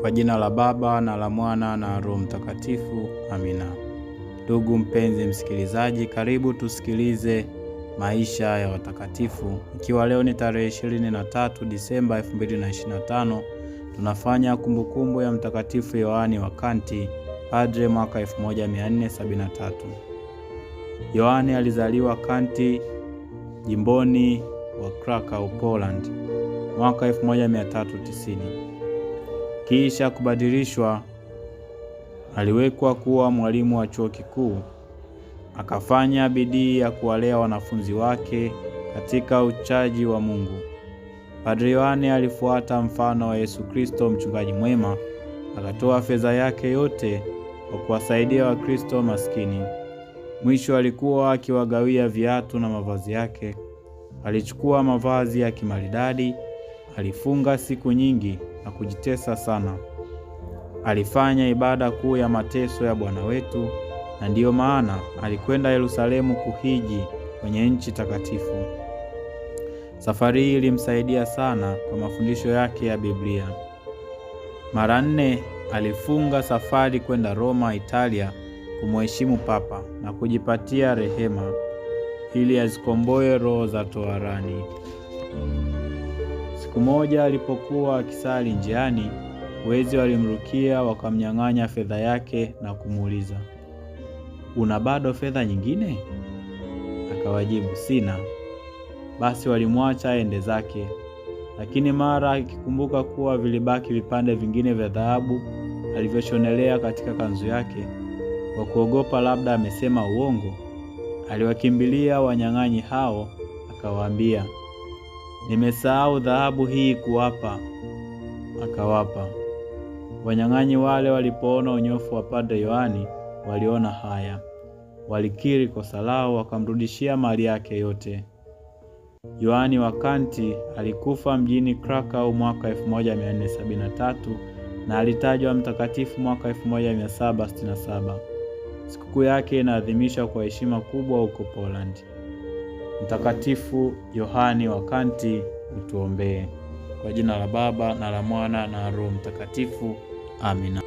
Kwa jina la Baba na la Mwana na Roho Mtakatifu, amina. Ndugu mpenzi msikilizaji, karibu tusikilize maisha ya watakatifu. Ikiwa leo ni tarehe 23 Disemba 2025, tunafanya kumbukumbu ya Mtakatifu Yohani wa Kanti, padre mwaka 1473. Yohani alizaliwa Kanti jimboni wa Krakow, Poland mwaka 1390. Kisha kubadilishwa, aliwekwa kuwa mwalimu wa chuo kikuu. Akafanya bidii ya kuwalea wanafunzi wake katika uchaji wa Mungu. padre Yohane alifuata mfano wa Yesu Kristo, mchungaji mwema, akatoa fedha yake yote kwa kuwasaidia Wakristo maskini. Mwisho alikuwa akiwagawia viatu na mavazi yake. Alichukua mavazi ya kimaridadi, alifunga siku nyingi na kujitesa sana. Alifanya ibada kuu ya mateso ya Bwana wetu, na ndiyo maana alikwenda Yerusalemu kuhiji kwenye nchi takatifu. Safari hii ilimsaidia sana kwa mafundisho yake ya Biblia. Mara nne alifunga safari kwenda Roma, Italia kumheshimu Papa na kujipatia rehema ili azikomboe roho za toharani. Siku moja alipokuwa akisali njiani, wezi walimrukia wakamnyang'anya fedha yake na kumuuliza, una bado fedha nyingine? Akawajibu, sina. Basi walimwacha aende zake, lakini mara akikumbuka kuwa vilibaki vipande vingine vya dhahabu alivyoshonelea katika kanzu yake kwa kuogopa labda amesema uongo, aliwakimbilia wanyang'anyi hao, akawaambia, nimesahau dhahabu hii kuwapa. Akawapa. Wanyang'anyi wale walipoona unyofu wa Padre Yohani, waliona haya, walikiri kosa lao, wakamrudishia mali yake yote. Yohani wa Kanti alikufa mjini Krakau mwaka 1473 na alitajwa mtakatifu mwaka 1767. Sikukuu yake inaadhimishwa kwa heshima kubwa huko Poland. Mtakatifu Yohani wa Kanti, utuombee. Kwa jina la Baba na la Mwana na Roho Mtakatifu. Amina.